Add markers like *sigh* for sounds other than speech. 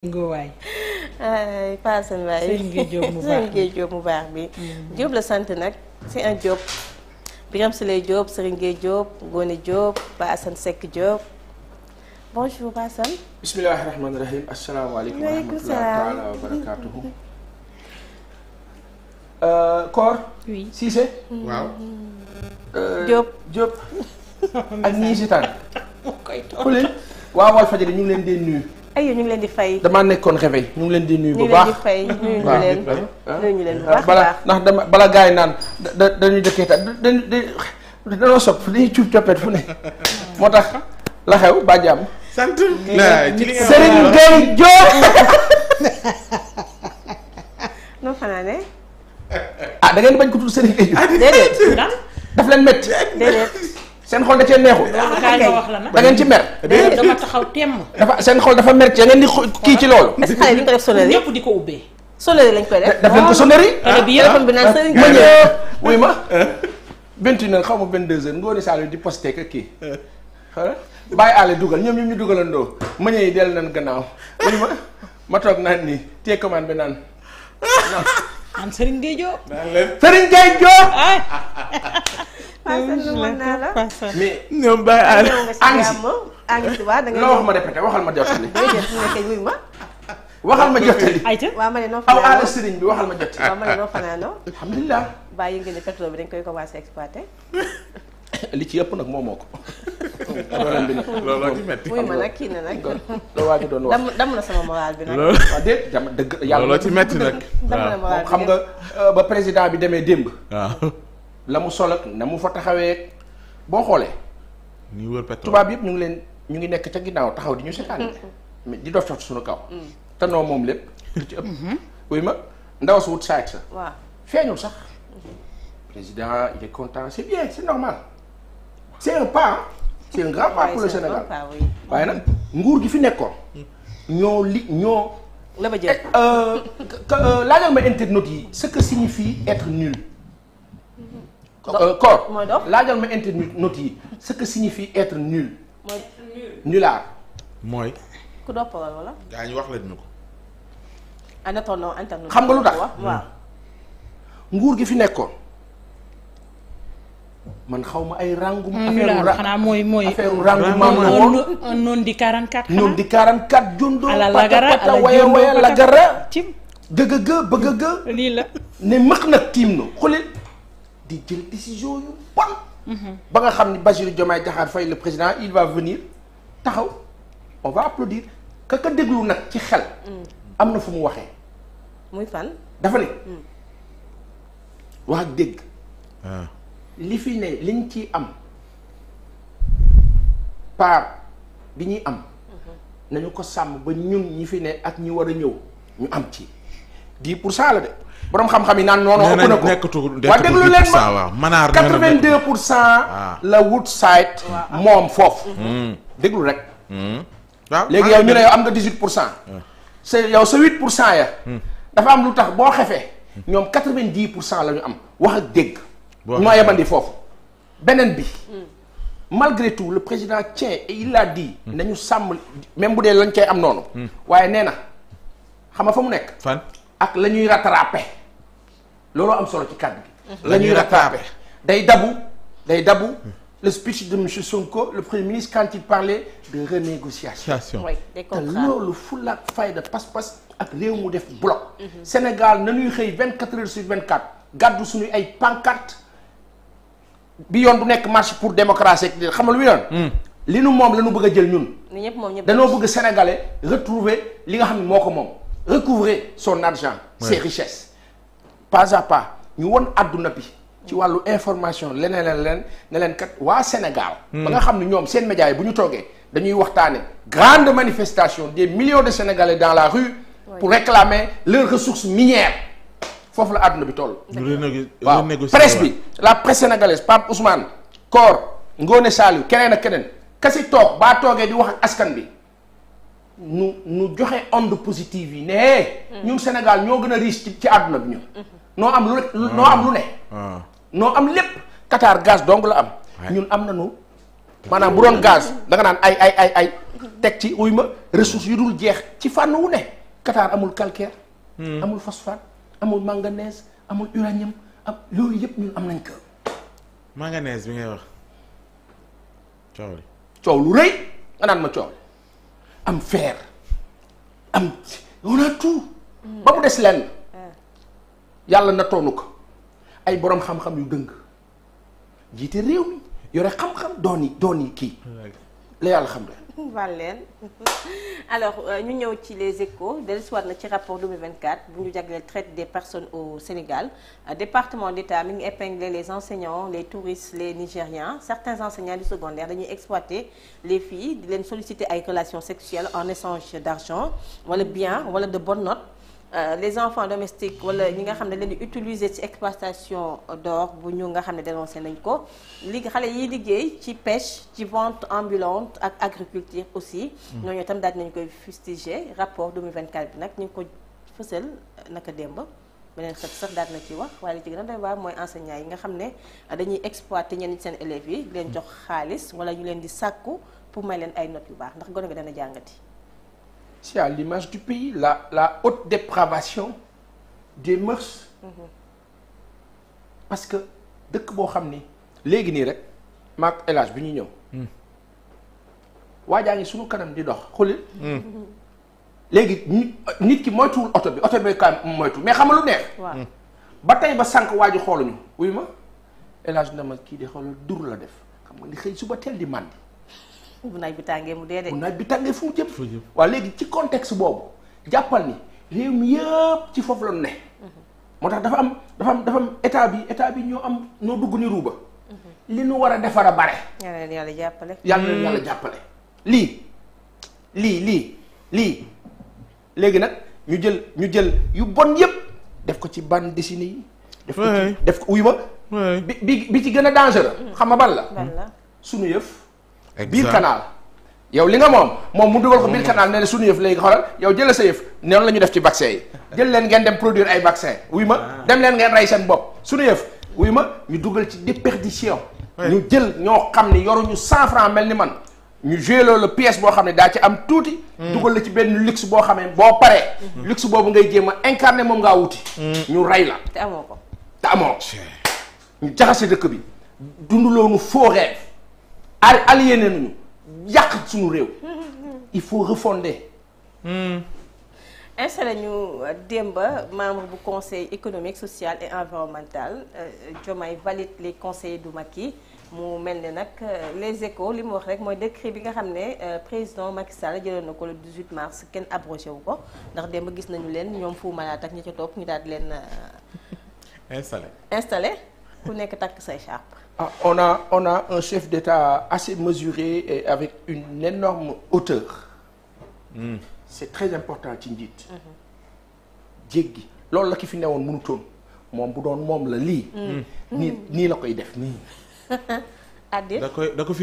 Ngowaay. ay Paasan waay sëñ Gueye mu baax bi Diop mm-hmm. la sant nag c'est un Diop. Biram Souley Diop Serigne Gueye Diop Ba Assane Seck Diop. bonjour Ba Assane. bismillaahi rahmaani rahiim asalaamaaleykum wa rahmatullaahi wa barakaatuhu. Euh, Koor. oui Cissé. Mm-hmm. waaw. Diop euh, euh, Diop. *laughs* ak ñii si koy toog ku leen. waaw Walfadjri ñu leen di nuyu. aywa ñu ngi leen di fay. damaa nekkoon réveil ñu ngi leen di nuyu bu baax ñu ngi leen di ndax dama bala gaa yi naan da dañuy dëkkee ta dañu dañoo sopp dañuy cuub coppet fu ne moo tax la xew ba jàmm. sant Serigne Gueye Diop. noo fanaane ah da ngeen bañ ko tudd Serigne Gueye Diop. Ah, déedéet daf leen métti déedéet. seen xol da cee neexul. da ngeen ci mer. dama taxaw temm. dafa seen xol dafa mer ci da ngeen di kii ci loolu. est-ce que xale bi ñu di ko ubbee. sonnerie lañ koy def. daf leen ko sonnerie. télé bi téléphone bi naan ah, ah. sëriñ. ma wuy ma. vingt une heures xaw ma vingt deux heures ngooni Sall di posté ka kii xanaa bàyyi àll dugal ñoom ñoom ñu dugalandoo ma ñëw dellu gannaaw ma toog naan nii téye commande bi naan. am Serigne Gueye Diop. Ah. *laughs* parcelle woon naa la mais ñoom Baye Al. ànd si waaw da nga wax ma répété waxal ma jottali. *laughs* wuy ma. waxal ma jottali. ayca waaw ma ne noo fanaanoo aw aada sëriñ bi waxal ma jottali. waaw ma ne noo fanaanoo. alhamdulilah. bàyyi nga ne pétrole bi dañ koy commencé exploité. *laughs* li ci yëpp nag moom moo ko. looloo ci métti wuy ma nag kii na nag. loo waaj doon wax dam na sama moral bi nag. loolu *laughs* waaw déet dama dëgg yàlla. looloo ci métti nag. dam na moral bi xam nga euh, ba président bi demee démb. waaw. la mu sol na mu fa taxawee boo xoolee. ñu tubaab yëpp ñu ngi leen ñu ngi nekk ca ginnaaw taxaw di ñu seetaan. Mm-hmm. di dof cof suñu kaw. Mm. te noo moom lépp lu ci ëpp. Mm-hmm. wuy ma ndaw su wut saa sa. feeñul sax. Mm-hmm. président il est content c'est bien c'est normal c'est pas. c'est un grand pas pour le Sénégal waaye nag nguur gi fi nekkoon. ñoo li ñoo. la ma jël eh, euh, *laughs* euh, laajal ma internautes yi ce que signifie être nul. Euh, corps laajal ma internautes yi ce que signifie être nul. mooy mooy. ku doppalal wala. yaa ñu wax leen ñu ko. en attendant xam nga lu tax hmm. nguur gi fi nekkoon man xaw ma ay rangum. affaire ra xanaa mooy mooy. affaire rangum noon di 44. xanaa noon di 44. jundoo patapata pata waya waya lagara. cim gëgëgë bëgëgë. lii la ne mëq nag tiim na xulil. di jël décision yu bon. ba nga xam ni Bassirou Diomaye Diakhar Faye le président il va venir taxaw on va applaudir ka ka déglu nag ci xel. Mm. am na fu mu waxee. muy fan. dafa ne. Mm. Ah. li fi ne liñ ci am part bi ñuy am. Mm-hmm. nañu ko sàmm ba ñun ñi fi ne ak ñi war a ñëw ñu am ci. dix pour cent la de borom xam-xam yi naan noonu. ëpp na ko nekkatul waaw déglu leen ma manaar quatre vingt deux pour cent ah. la Woodside moom foofu hmm. déglu rek hmm. waaw léegi yow ñu ne yow am nga dix huit pour cent hmm. sa yow sa huit pour cent ya dafa am lu tax boo xefee ñoom quatre vingt dix pour cent la ñu am wax ak dégg ñoo yebandi foofu beneen bi malgré tout le président tient et il a dit sàmm même bu dee lañ cay am noonu waaye nee na fa mu nekk ak la ñuy rattrapé looloo am solo ci kàddu gi mhm. la ñuy rattrapé day dabu day dabu le speech de monsieur Sonko le premier ministre quand il parlait de renégociation te loolu fulla ak fayda pas-pas ak réew mu def bloc mhm. Sénégal nañuy xëy vingt quatre heures sur vingt quatre gàddu suñu ay pancarte bi yoon du nekk marche pour démocratie xam nga lu muy yoon hmm. li nu moom la ñu bëgg a jël ñun dañoo bëgg sénégalais retrouver li nga xam ne moo ko moom recouvrer son argent ses richesses pas à pas ñu won àdduna bi ci wàllu information leneen leen leen ne leen kat waa Sénégal ba nga hmm. xam ne ñoom seen média yi bu ñu toogee dañuy waxtaane grande manifestation de millions de Sénégalais dans la rue pour réclamer leurs ressources minières foofu la àdduna bi toll waaw presse bi la presse sénégalaise Pape Ousmane Kor Ngone Saliou keneen ak keneen kasi toog baa toogee di wax ak askan bi nu nu joxe onde positive yi ne hmm. ñun Sénégal ñoo gën a riche ci ci àdduna bi ñun noo am lu noo am lu ne hmm. noo am lépp Qatar gaz dong la am ñun am nañu maanaam bu doon gaz da nga naan ay ay ay ay teg ci uy ma ressources yu dul jeex ci fànn wu ne Qatar amul calcaire hmm. amul phosphate amul manganèse amul uranium am loolu yëpp ñun am nañ ko manganèse bi ngay wax coow coow lu rëy nga naan ma coow am fer am on a tout. Hmm. ba mu des lenn. Hmm. yàlla na toonu ko ay boroom xam-xam yu dëng jiite réew mi yore xam-xam doon yi doon yi kii hmm. la yàlla xam ne. Valène *laughs* alors euh, ñu ñëw ci les échos dellusiwaat na ci rapport 2024 bu ñu jagleel traite des personnes au Sénégal euh, département d'État mi ngi épinglé les enseignants les touristes les Nigérians certains enseignants du secondaire dañuy exploiter les filles di leen solliciter ay relations sexuelles en échange d'argent wala bien wala de bonnes notes Euh, les enfants domestiques wala ñi nga xam ne leen di utiliser ci exploitation d'or bu ñu nga xam ne dénoncé nañ ko li xale yiy liggéey ci pêche ci vente ambulante ak agriculture aussi. Hmm. ñooñu itam daal nañ koy fustiger rapport 2024 bi nag ñu ngi ko fësal naka démb. beneen xët sax daal na ci wax waaye li ci gën a doy waar mooy enseignants yi nga xam ne dañuy exploiter ñi seen élèves yi. leen jox xaalis wala ñu leen di sàkku pour may leen ay notes yu baax ndax gone gi dana jàngati. c'est à l'image du pays la la haute dépravation des mœurs parce que dëkk boo xam ni léegi nii rek maak élage bi ñuy ñëw hmm. waajaa ngi suñu kanam di dox xulil hmm. léegi nit ki mooy moytuwul oto bi oto bi ka moytu mais lu neex hmm. ba tey ba sànq waa ji xooluñu wuy ma élage na ma kii de xoolal dur la def xam nga li xëy suba teel di màndi bu naaj bi tàngee mu dee de. bu naaj bi tàngee fu mu jëm. fu jëm léegi ci contexte boobu jàppal ni réew mi yëpp ci foofu la ne. Mm-hmm. moo tax dafa am dafa am dafa am état bi état bi ñoo am ñoo dugg ni ruuba. Mm-hmm. li nu war a defar a bare. yàlla na yàlla jàppale. yàlla na yàlla jàppale. lii lii lii lii léegi nag ñu jël ñu jël yu bon yëpp def ko ci ban dessinée yi. def ko ci def bi bi ci gën a dangereux. Mm. xam nga ban la. ban la sunu yëf. biir canal yow li nga moom moom mu dugal ko biir canal nee na suñu yëf léegi xoolal yow jëla sa yëf noonu la ñu def ci vaccin yi jël leen ngeen dem produire ay vaccin wuy ma ah. dem leen ngeen rey seen bopp suñu yëf wuy ma ñu dugal ci déperdition ñu jël ñoo xam ni yoruñu cent franc mel ni man ñu joué la pièce boo xam ne daa ci am tuuti. Hmm. dugal la ci benn luxe boo xam ne boo paree. Hmm. luxe boobu ngay jéem a incarné moom ngaa wuti. Hmm. ñu rey la. te amoo ko te amoo. ñu jaxase dëkk bi dunduloo nu faux rêve aliéné nañu yàq suñu réew il faut refonder hmm. installé ñu Demba membre bu conseil économique social et environnemental euh, Diomaye valide les conseillers du Macky mu mel ne nag euh, les échos li mu wax rek mooy décret bi nga xam ne euh, président Macky Sall jëloon na ko le 18 mars kenn abrogé wu ko ndax Demba gis nañu leen ñoom Fou Malade ak ñi ca topp ñu daal di leen. installé installé ku nekk takk say charpe. Ah, on a on a un chef d'État assez mesuré et avec une énorme hauteur. Mm. C'est très important ci njiit. Mhm. jéggi loolu la ki fi newoon mënutoon moom bu doon moom la lii. Hmm. Hmm. nii nii la koy def nii. *laughs* da koy da ko fi.